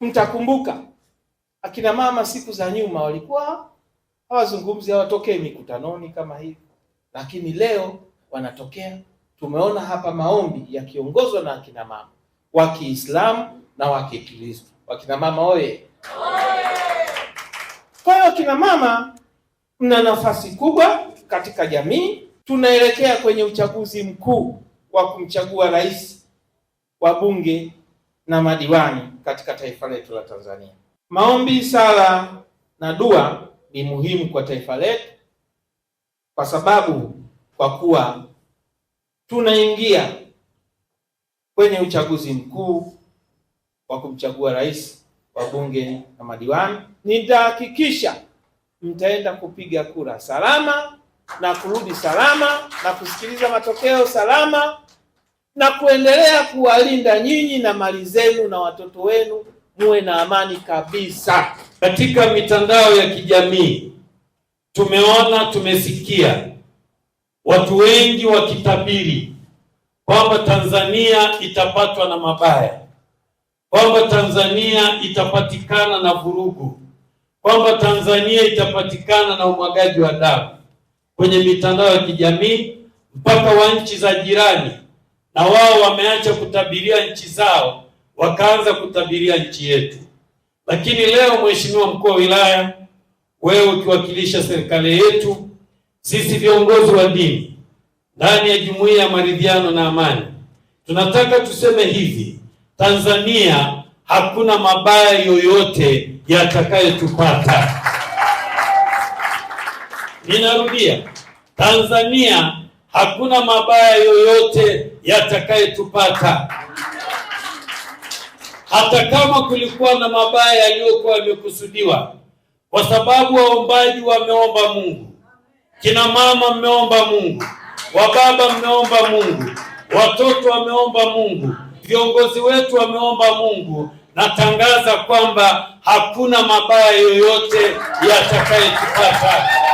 Mtakumbuka akina mama siku za nyuma walikuwa hawazungumzi, hawatokee mikutanoni kama hivi, lakini leo wanatokea. Tumeona hapa maombi yakiongozwa na akina mama wa Kiislamu na wa Kikristo. Wakina mama oye! Kwa hiyo akina mama mna nafasi kubwa katika jamii. Tunaelekea kwenye uchaguzi mkuu wa kumchagua rais, wa bunge na madiwani katika taifa letu la Tanzania. Maombi, sala na dua ni muhimu kwa taifa letu, kwa sababu kwa kuwa tunaingia kwenye uchaguzi mkuu wa kumchagua rais, wabunge na madiwani. Nitahakikisha mtaenda kupiga kura salama na kurudi salama na kusikiliza matokeo salama na kuendelea kuwalinda nyinyi na mali zenu na watoto wenu, muwe na amani kabisa. Katika mitandao ya kijamii tumeona, tumesikia watu wengi wakitabiri kwamba Tanzania itapatwa na mabaya, kwamba Tanzania itapatikana na vurugu, kwamba Tanzania itapatikana na umwagaji wa damu kwenye mitandao ya kijamii mpaka wa nchi za jirani na wao wameacha kutabiria nchi zao wakaanza kutabiria nchi yetu. Lakini leo, Mheshimiwa mkuu wa wilaya, wewe ukiwakilisha serikali yetu, sisi viongozi wa dini ndani ya jumuiya ya maridhiano na amani, tunataka tuseme hivi: Tanzania hakuna mabaya yoyote yatakayotupata. Ninarudia, Tanzania hakuna mabaya yoyote yatakayetupata. Hata kama kulikuwa na mabaya yaliyokuwa yamekusudiwa, kwa sababu waombaji wameomba Mungu, kina mama mmeomba Mungu, wababa mmeomba Mungu, watoto wameomba Mungu, viongozi wetu wameomba Mungu. Natangaza kwamba hakuna mabaya yoyote yatakayetupata.